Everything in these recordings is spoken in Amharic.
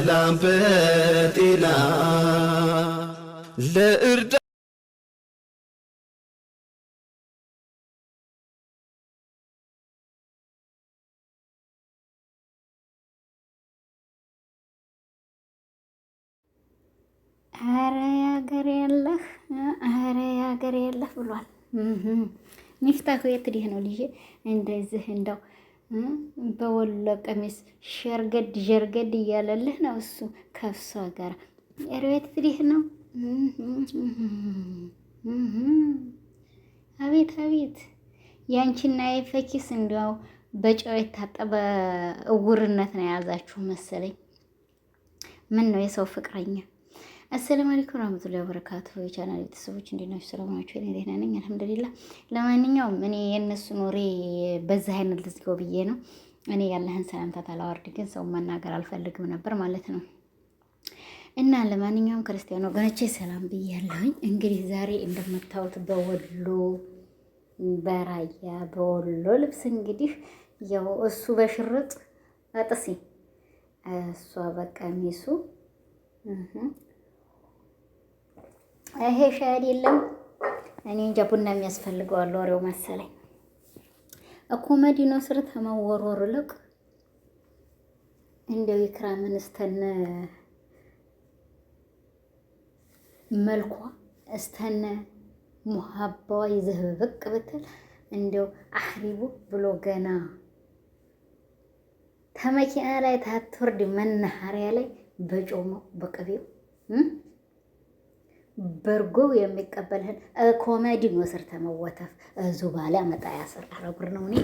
በሰላም በጤና ለእርዳ አረ ያገር ያለህ አረ ያገር ያለህ ብሏል። ሚፍታሁ የት ነው ልጄ እንደዚህ እንደው በወሎ ቀሚስ ሸርገድ ሸርገድ እያለልህ ነው እሱ ከሷ ጋር ርቤት ትዲህ ነው። አቤት አቤት ያንቺና የፈኪስ እንዲያው በጨው የታጠበ እውርነት ነው የያዛችሁ መሰለኝ። ምን ነው የሰው ፍቅረኛ አሰላም አለይኩም ረህመቱላሂ ወበረካቱ። የቻናል ቤተሰቦች እንዴት ናችሁ? ሰላም ናችሁ? እኔ ደህና ነኝ አልሐምዱሊላህ። ለማንኛውም እኔ የእነሱን ወሬ በዚህ አይነት ልዝገው ብዬ ነው። እኔ ያለህን ሰላምታ ታላዋርድ ግን ሰው መናገር አልፈልግም ነበር ማለት ነው። እና ለማንኛውም ክርስቲያን ወገኖቼ ሰላም ብያለሁኝ። እንግዲህ ዛሬ እንደምታዩት በወሎ በራያ በወሎ ልብስ እንግዲህ ያው እሱ በሽርጥ አጥሲ እሷ በቀሚሱ ይሄ ሻይ አይደለም። እኔ እንጃ ቡና አለ ወሬው መሰለኝ እኮ መዲኖ ስር ተመወሮር ልቅ እንደው ይክራ እስተነ መልኳ እስተነ ሙሀባዋ ይዘህ ብቅ ብትል እንደው አህሪቡ ብሎ ገና ተመኪና ላይ ታትወርድ መናኸሪያ ላይ በጮመው በቅቤው በርጎ የሚቀበልህን ኮሜዲ ስር ተመወተፍ እዙ ባለ መጣ ያስር አረጉር ነው። እኔ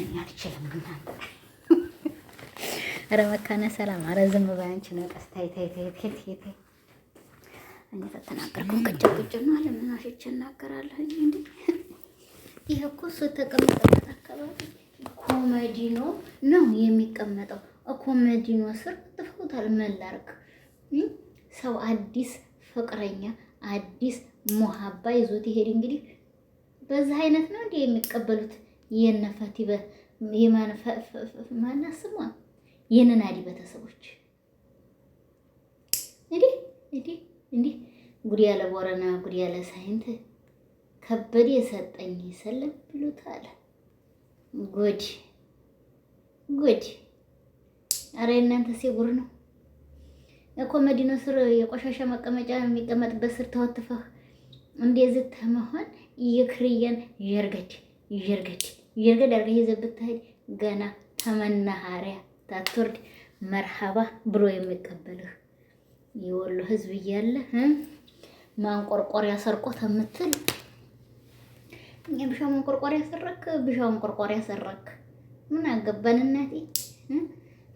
እኔ አልችልም እናንተ። ኧረ መካነ ሰላም ኧረ ዝም በይ አንቺ ነቀስ ታይ ታይ ታይ ታይ ታይ ታይ እኔ ተተናገርኩን ቅጭም ቅጭም ነው አለ ምን አሽቼ እናገራለሁ እንዴ? ይሄ እኮ ስተቀመጠበት አካባቢ ኮሜዲኖ ነው የሚቀመጠው። ኮሜዲኖ ስር ጥፈውታል። ምን ሰው አዲስ ፍቅረኛ አዲስ ሙሀባ ይዞት ይሄድ። እንግዲህ በዚህ አይነት ነው እንዲህ የሚቀበሉት የነፈት ማና ስሟ የነናዲ ቤተሰቦች እንዲህ እንዲህ እንዲህ ጉድ ያለ ቦረና ጉድ ያለ ሳይንት ከበድ የሰጠኝ ሰለም ብሎታል። ጉድ ጉድ! አረ እናንተ ሴጉር ነው። ኮመዲኖ ስር የቆሻሻ መቀመጫ የሚቀመጥበት ስር ተወትፈህ እንደዝት መሆን የክርየን ይርገድ ይርገድ ይርገድ አርገ ይዘብታይ ብትሄድ ገና ተመናሃሪያ ታትወርድ መርሃባ ብሎ የሚቀበልህ የወሎ ህዝብ እያለ ማንቆርቆሪያ ሰርቆት የምትል የብሻው ማንቆርቆሪያ ሰረክ፣ ብሻው ማንቆርቆሪያ ሰረክ፣ ምን አገባን እናቴ?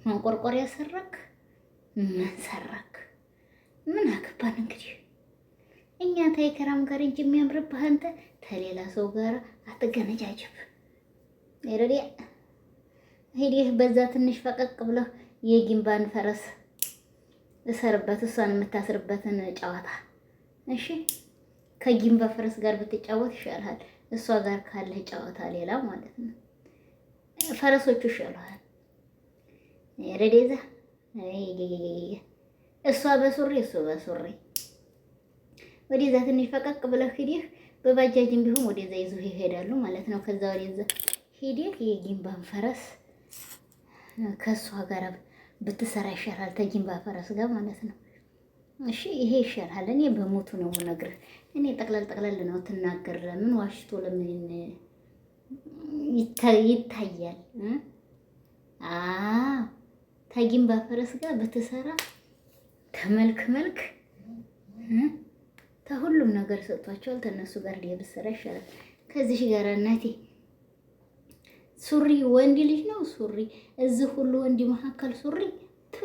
ማንቆርቆሪያ ሰረክ ምን ሰራክ? ምን አገባን እንግዲህ እኛ ታይከራም ጋር እንጂ የሚያምርብህ አንተ ተሌላ ሰው ጋር አትገነጃጀብ። ይረዲ ሄዲህ በዛ ትንሽ ፈቀቅ ብለህ የጊንባን ፈረስ እሰርበት እሷን የምታስርበትን ጨዋታ እሺ። ከጊንባ ፈረስ ጋር ብትጫወት ይሻልሃል። እሷ ጋር ካለህ ጨዋታ ሌላ ማለት ነው። ፈረሶቹ ይሻልሃል። ይረዲ እሷ በሱሪ እሱ በሱሪ ወደዛ ትንሽ ፈቀቅ ብለህ ሂደህ በባጃጅም ቢሆን ወደዛ ይዞ ይሄዳሉ ማለት ነው። ከዛ ወደዛ ሂደህ የጊንባን ፈረስ ከእሷ ጋር ብትሰራ ይሻላል፣ ተጊንባ ፈረስ ጋር ማለት ነው። እሺ ይሄ ይሻላል። እኔ በሞቱ ነው ነግርህ። እኔ ጠቅለል ጠቅለል ነው ትናገር። ለምን ዋሽቶ ለምን ይታያል? አዎ ታጊም ባፈረስ ጋር ብትሰራ ከመልክ መልክ ተሁሉም ነገር ሰጥቷቸዋል። ተነሱ ጋር ብትሰራ ይሻላል። ከዚህ ጋር እናቴ ሱሪ ወንድ ልጅ ነው ሱሪ። እዚህ ሁሉ ወንድ መካከል ሱሪ ቱ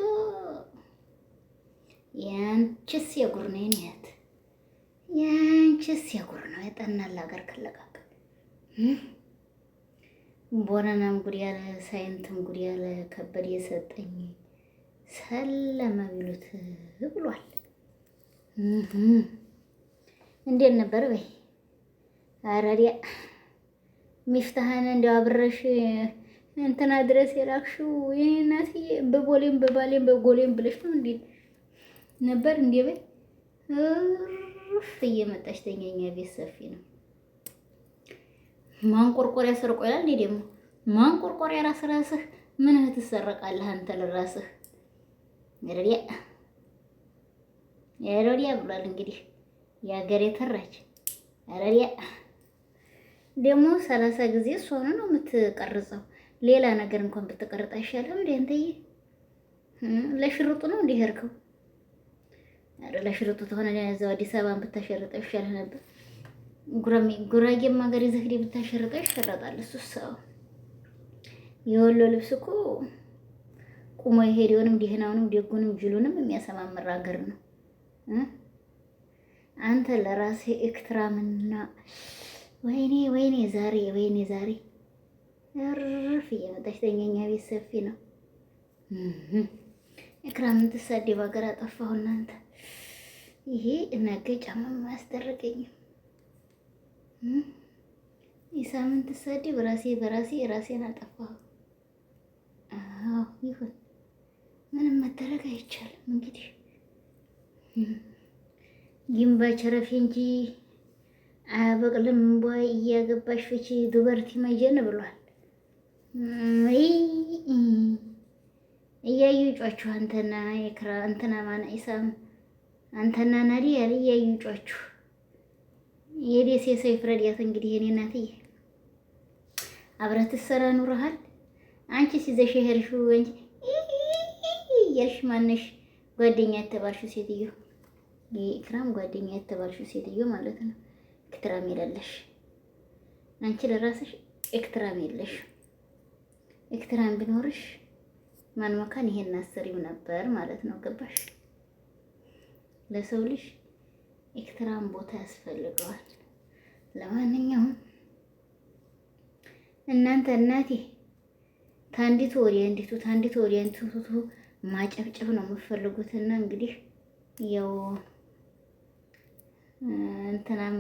ያንቺስ የጉር ነው ያት ያንቺስ የጉር ነው የጠናላ ሀገር ከለቃቀ ቦረናም ጉድ ያለ ሳይንትም ጉድ ያለ ከበድ የሰጠኝ ሰለመ ቢሉት ብሏል። እንዴት ነበር በይ አረዲያ ሚፍታህን እንዲያው አብረሽ እንትና ድረስ የላክሽው ይህናትዬ በቦሌም በባሌም በጎሌም ብለሽ ነው እንዴ ነበር እንዴ በይ እየመጣሽ ተኛኛ ቤት ሰፊ ነው። ማንቆርቆሪያ ሰርቆ ይላል። እኔ ደግሞ ማንቆርቆሪያ ራስ ራስህ ምንህ ትሰረቃለህ አንተ ለራስህ ገረዲያ ገረዲያ ብሏል። እንግዲህ የሀገር ተራች ገረዲያ ደግሞ ሰላሳ ጊዜ እሷን ነው የምትቀርጸው። ሌላ ነገር እንኳን ብትቀርጥ አይሻልም እንዴ አንተዬ? ለሽርጡ ነው እንዲህ ሄርከው ለሽርጡ ተሆነ እዛው አዲስ አበባን ብታሸርጠው ይሻልህ ነበር። ጉራጌም ሀገር ይዘህ ሄደህ ብታሸርጠ ይሸረጣል። እሱ ሰው የወሎ ልብስ እኮ ቁሞ የሄደውንም ድህናውንም ደጉንም ጅሉንም የሚያሰማምር ሀገር ነው። አንተ ለራሴ ኤክትራምና ወይኔ ወይኔ ዛሬ ወይኔ ዛሬ እርፍ እየመጣች ተኛኛ ቤት ሰፊ ነው። ኤክራምን ትሳደብ ሀገር አጠፋሁ እናንተ። ይሄ ነገ ጫማ የሳምንት ሰዲብ ራሴ በራሴ ራሴን አጠፋሁ። አዎ ይሁን፣ ምንም መደረግ አይቻልም። እንግዲህ ግንባ ቸረፌ እንጂ አያበቅልም። እንቧ እያገባሽ ፍቺ ዱበርቲ መጀን ብሏል። እያዩ ጯችሁ አንተና የክራ እንትና ማና ኢሳም አንተና ናዲ ያለ እያዩ ጯችሁ የደሴ ሰው ይፍረድያት። እንግዲህ እኔ እናትዬ አብረህ ሰራ ኑረሃል። አንቺ ሲዘሽ የሄድሽው እንጂ እያልሽ ማነሽ ጓደኛ የተባልሽው ሴትዮ የኢክራም ጓደኛ የተባልሽው ሴትዮ ማለት ነው። ኤክትራም የለለሽ አንቺ ለራስሽ ኤክትራም የለሽ። ኤክትራም ቢኖርሽ ማን መካን ይሄን አሰሪው ነበር ማለት ነው። ገባሽ ለሰው ልጅ ኤክስትራም ቦታ ያስፈልገዋል። ለማንኛውም እናንተ እናቴ ታንዲቱ ወዲያ እንዲቱ ታንዲቱ ወዲያ ማጨብጨብ ነው የምፈልጉትና እንግዲህ ያው እንትናም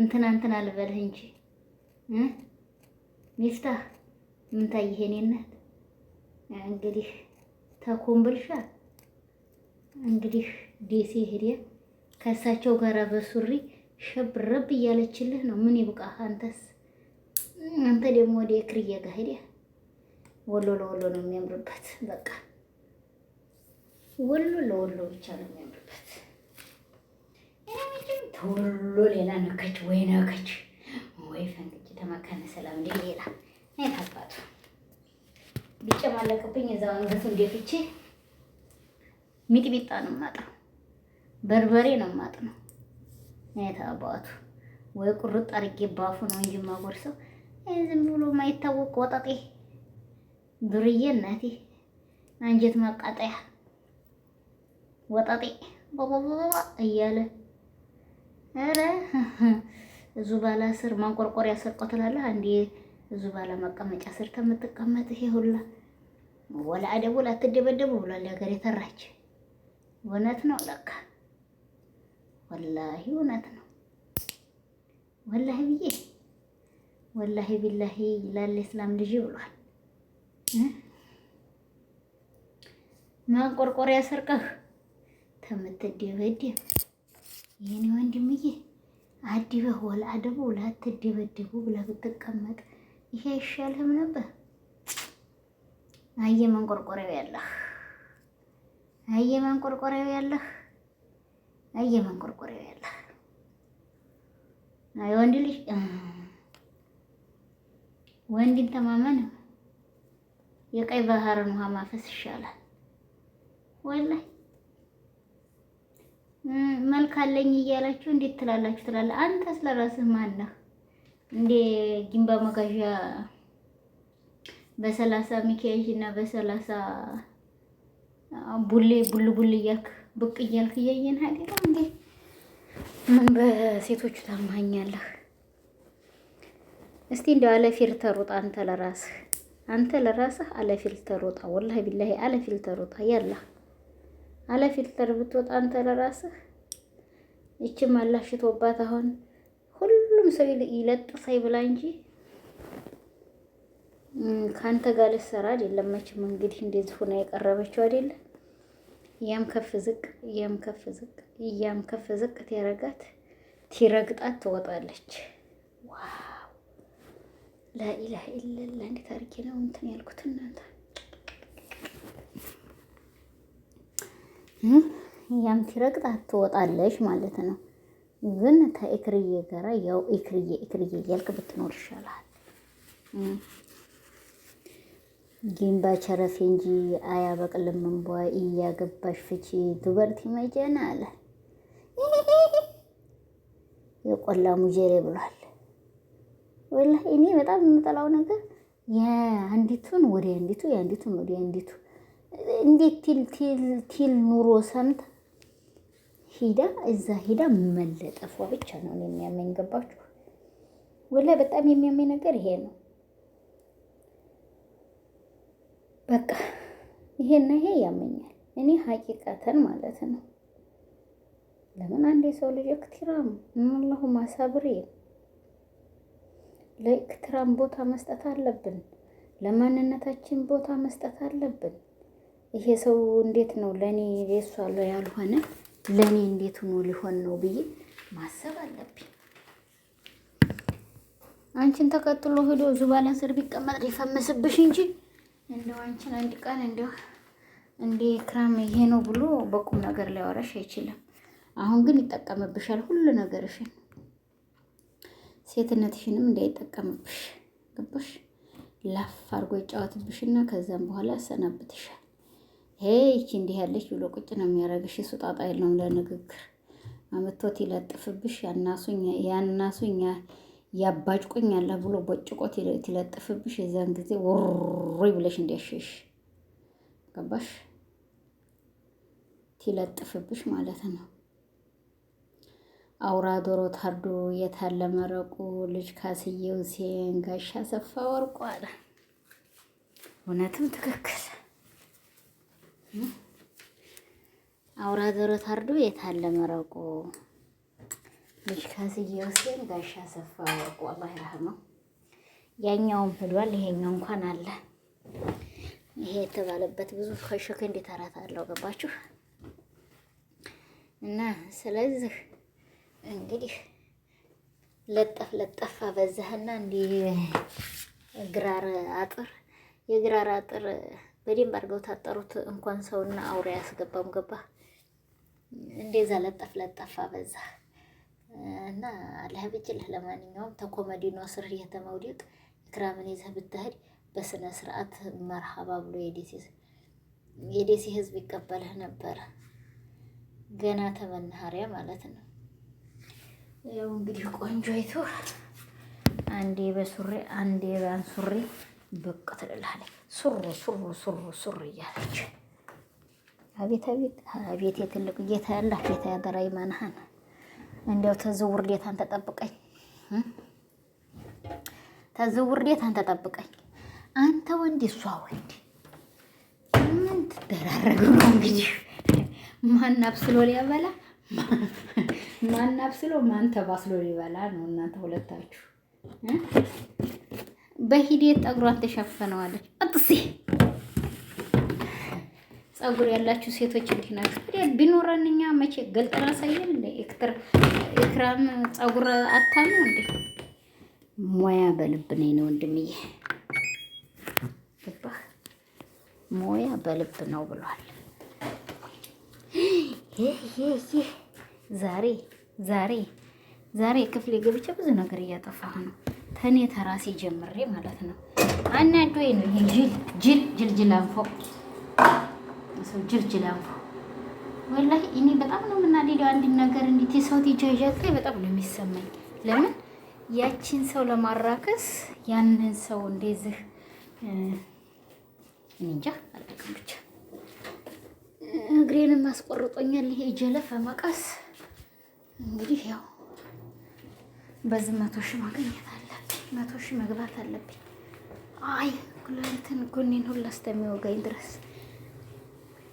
እንትና እንትና ልበልህ እንጂ ሚፍታህ ምን ታይህ የኔ እናት እንግዲህ ተኮምብልሻ እንግዲህ ደሴ ሄደ። ከእሳቸው ጋር በሱሪ ሸብረብ እያለችልህ ነው። ምን ይብቃ። አንተስ አንተ ደግሞ ወደ ክርያ ጋር ሄደ። ወሎ ለወሎ ነው የሚያምርበት። በቃ ወሎ ለወሎ ብቻ ነው የሚያምርበት። ተወሎ ሌላ ነከች ወይ ነከች ወይ ፈንግጭ ተመከነ ሰላም እንደ ሌላ አይታባቱ ቢጨማለቅብኝ እዛው አንገቱ እንደፍቼ ሚጥሚጣ ነው የማጣው። በርበሬ ነው የማጥነው። አባቱ ወይ ቁርጥ አርጌ ባፉ ነው እንጂ ማጎርሰው ዝም ብሎ ማይታወቅ ወጠጤ ዱርዬ፣ እናቴ አንጀት ማቃጠያ ወጠጤ ቦቦቦቦ እያለ ኧረ እዙ ባላ ስር ማንቆርቆሪያ ስር ቆትላለህ። አንዴ እዙ ባላ መቀመጫ ስር ከምትቀመጥ ይሄ ሁላ ወላ አደቡል አትደበደቡ ብሏል ያገሬ ተራች። እውነት ነው ለካ። ወላሂ እውነት ነው። ወላሂ ብዬ ወላሂ ቢላሂ ይላል እስላም ልጅ ብሏል። ማንቆርቆሪያ ሰርቀህ ከምትደበደብ ይህኔ ወንድምዬ አዲበህ ወላ አደቡ ላትደበደቡ ብለህ ብትቀመጥ ይሄ አይሻልህም ነበር? አየ መንቆርቆሪያው ያለህ አየ መንቆርቆሪያው ያለህ እየማንቆርቆሪያው ያለ ወንድ ልጅ ወንድን ተማመን የቀይ ባህርን ውሃ ማፈስ ይሻላል። ወላሂ መልክ አለኝ እያላችሁ እንዴት ትላላችሁ? ትላለህ አንተ ስለራስህ ማነህ? እንዴ ጊንባ መጋዣ በሰላሳ ሚኪያጅ እና በሰላሳ ቡሌ ቡል ቡል እያልክ ብቅ እያልክ እያየን ሀዲላ እንዴ ምን በሴቶቹ ታማኛለህ? እስቲ እንዲያው አለ ፊልተር ውጣ አንተ ለራስህ አንተ ለራስህ አለ ፊልተር ውጣ። ወላሂ ቢላሂ አለ ፊልተር ውጣ። ያላ አለ ፊልተር ብትወጣ አንተ ለራስህ ይችም አላሽቶባት አሁን ሁሉም ሰው ይለጥሰኝ ብላ እንጂ ከአንተ ጋር ልትሰራ አይደለም መቼም። እንግዲህ እንደዚህ ሆና የቀረበችው አይደለም። ያም ከፍ ዝቅ እያም ከፍ ዝቅ እያም ከፍ ዝቅ ትረጋት ትረግጣት ትወጣለች። ዋው ላኢላህ ኢለላ እንዴት አድርጌ ነው እንትን ያልኩት እናንተ ያም ትረግጣት ትወጣለች ማለት ነው። ግን ተኢክርዬ ጋራ ያው ኢክርዬ ኢክርዬ እያልክ ብትኖር ይሻላል። ጊምባ ቸረፌ እንጂ አያበቅልም እንቧ እያገባሽ ፍቺ ዱበር ይመጀና አለ የቆላ ሙጀሬ ብሏል። ወላ እኔ በጣም የምጠላው ነገር የአንዲቱን ወደ አንዲቱ የአንዲቱን ወደ አንዲቱ እንዴት ቲል ቲል ቲል ኑሮ ሰምታ ሂዳ እዛ ሂዳ መለጠፏ ብቻ ነው የሚያመኝ። ገባችሁ? ወላ በጣም የሚያመኝ ነገር ይሄ ነው። በቃ ይሄና ይሄ ያመኛል። እኔ ሀቂቀተን ማለት ነው። ለምን አንድ የሰው ልጅ እክትራም እናላሁ ማሳብሬ ለእክትራም ቦታ መስጠት አለብን። ለማንነታችን ቦታ መስጠት አለብን። ይሄ ሰው እንዴት ነው ለእኔ የሷ ያልሆነ ለእኔ እንዴት ሆኖ ሊሆን ነው ብዬ ማሰብ አለብኝ። አንቺን ተከትሎ ሂዶ ዙባላን ስር ቢቀመጥ ሊፈምስብሽ እንጂ እንደው አንቺን አንድ ቀን እንደው እንደ ክራም ይሄ ነው ብሎ በቁም ነገር ሊያወራሽ አይችልም። አሁን ግን ይጠቀምብሻል ሁሉ ነገርሽን፣ ሴትነትሽንም እንዳይጠቀምብሽ ገባሽ? ላፍ አድርጎ ይጫወትብሽና ከዛም በኋላ ያሰናብትሻል። ይሄ ይቺ እንዲህ ያለች ብሎ ቁጭ ነው የሚያደርግሽ። እሱ ጣጣ የለውም ለንግግር አመቶት ይለጥፍብሽ። ያናሱኛ ያናሱኛ ያባጭቆኝ አለ ብሎ ቦጭቆ ትለጥፍብሽ። የዛን ጊዜ ወሮ ብለሽ እንዲያሸሽ ገባሽ ትለጥፍብሽ ማለት ነው። አውራ ዶሮ ታርዶ የታለ መረቁ ልጅ ካስየው ሴን ጋሻ ሰፋ ወርቁ አለ። እውነትም ትክክል። አውራ ዶሮ ታርዶ የታለ መረቁ ልጅካስዬ ሁሴን ጋሻ ሰፋ ወርቁ አላህ ይርሐመው። ያኛውም ሂዷል ይሄኛው እንኳን አለ። ይሄ የተባለበት ብዙ ከሾክ እንዲተራት አለው። ገባችሁ እና ስለዚህ እንግዲህ ለጠፍ ለጠፍ አበዛህና እንዲህ ግራር አጥር የግራር አጥር በደንብ አድርገው ታጠሩት። እንኳን ሰውና አውሬ ያስገባም ገባ እንደዛ ለጠፍ ለጠፍ አበዛህ። እና አላህ ብጭልህ። ለማንኛውም ተኮመዲ ነው ስር የተመውዲቅ ክራምን ይዘህ ብትሄድ በስነ ስርዓት መርሃባ ብሎ የደሴ ህዝብ ይቀበልህ ነበረ። ገና ተመናኸሪያ ማለት ነው። ያው እንግዲህ ቆንጆ አይቶ አንዴ በሱሪ አንዴ በአንሱሪ ብቅ ትልልሃለች። ሱሩ ሱሩ ሱሩ ሱሩ እያለች አቤት አቤት አቤት የትልቅ ጌታ ያላት ጌታ ያገራይ ማንሃን እንዲያው ተዝው ውርዴታን ተጠብቀኝ፣ ተዝው ውርዴታን ተጠብቀኝ። አንተ ወንድ እሷ ወንድ ምን ትደራረገው ነው እንግዲህ ማን አብስሎ ሊያበላ ማን አብስሎ ማን ተባስሎ ሊበላ ነው። እናንተ ሁለታችሁ በሂደት ጠጉሯን ተሸፈነዋለች አጥሴ ጸጉር ያላችሁ ሴቶች እንዲህ ናችሁ። ታዲያ ቢኖረን እኛ መቼ ገልጠን አሳየን እንደ ኤክትር ኤክራም ጸጉር አታም እንደ ሞያ በልብ ነኝ ነው ወንድምዬ፣ ገባህ? ሞያ በልብ ነው ብሏል። ይህ ዛሬ ዛሬ ዛሬ ክፍሌ ገብቼ ብዙ ነገር እያጠፋሁ ነው። ተኔ ተራሴ ጀምሬ ማለት ነው። አናዶይ ነው ይሄ ጅል ጅል ጅል ጅል አንፎቅ ሰው ጅልጅል ወላሂ እኔ በጣም ነው የምናደደው። አንድ ነገር እንዴት የሰው ትጃዣት ላይ በጣም ነው የሚሰማኝ። ለምን ያቺን ሰው ለማራከስ ያንን ሰው እንደዚህ እንጃ አላውቅም። ብቻ እግሬንም አስቆርጦኛል ይሄ ጀለፈ መቀስ። እንግዲህ ያው በዚህ መቶ ሺህ ማገኘት አለብኝ፣ መቶ ሺህ መግባት አለብኝ። አይ ጉላንትን ጎኔን ሁላ እስከሚወጋኝ ድረስ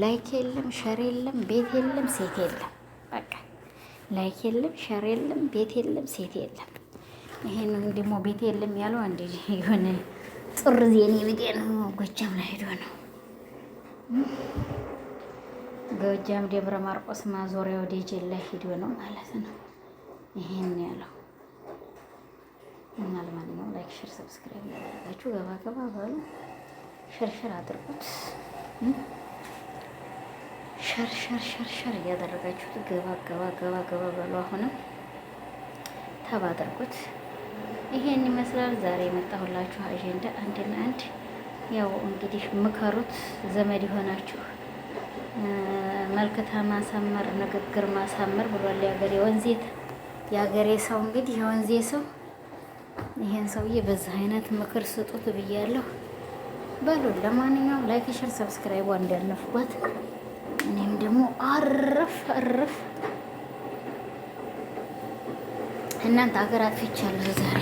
ላይክ የለም፣ ሸር የለም፣ ቤት የለም፣ ሴት የለም። በቃ ላይክ የለም፣ ሸር የለም፣ ቤት የለም፣ ሴት የለም። ይሄንን ደግሞ ቤት የለም ያለው አንድ የሆነ ጥር ዜኔ ብጤ ነው። ጎጃም ላይ ሄዶ ነው። ጎጃም ደብረ ማርቆስ ማዞሪያው ደጀን ላይ ሄዶ ነው ማለት ነው። ይሄን ያለው እና ለማንኛውም ላይክ፣ ሸር፣ ሰብስክራይብ ያደረጋችሁ ገባ ገባ በሉ ሸርሸር አድርጉት። ሸር ሸር እያደረጋችሁት ገባ ገባ ገባ ገባ በሉ። አሁንም ተባ አድርጉት። ይሄን ይመስላል ዛሬ የመጣሁላችሁ አጀንዳ አንድና አንድ። ያው እንግዲህ ምከሩት፣ ዘመድ የሆናችሁ መልክታ ማሳመር፣ ንግግር ማሳመር ብሏል የሀገሬ ወንዜት የሀገሬ ሰው እንግዲህ የወንዜ ሰው ይሄን ሰውዬ በዛ አይነት ምክር ስጡት ብያለሁ። በሉ ለማንኛውም ላይክ፣ ሸር፣ ሰብስክራይብ እንዳልነፍጓት እኔም ደግሞ አረፍ አረፍ እናንተ ሀገር አጥፍቻለሁ ዛሬ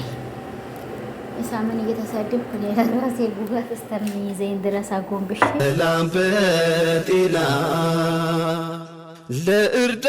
ኢሳምን እየተሳደብኩ ሌላ ራሴ ጉጋት እስከሚይዘኝ ድረስ አጎንብሽ ላምበጤላ ለእርዳ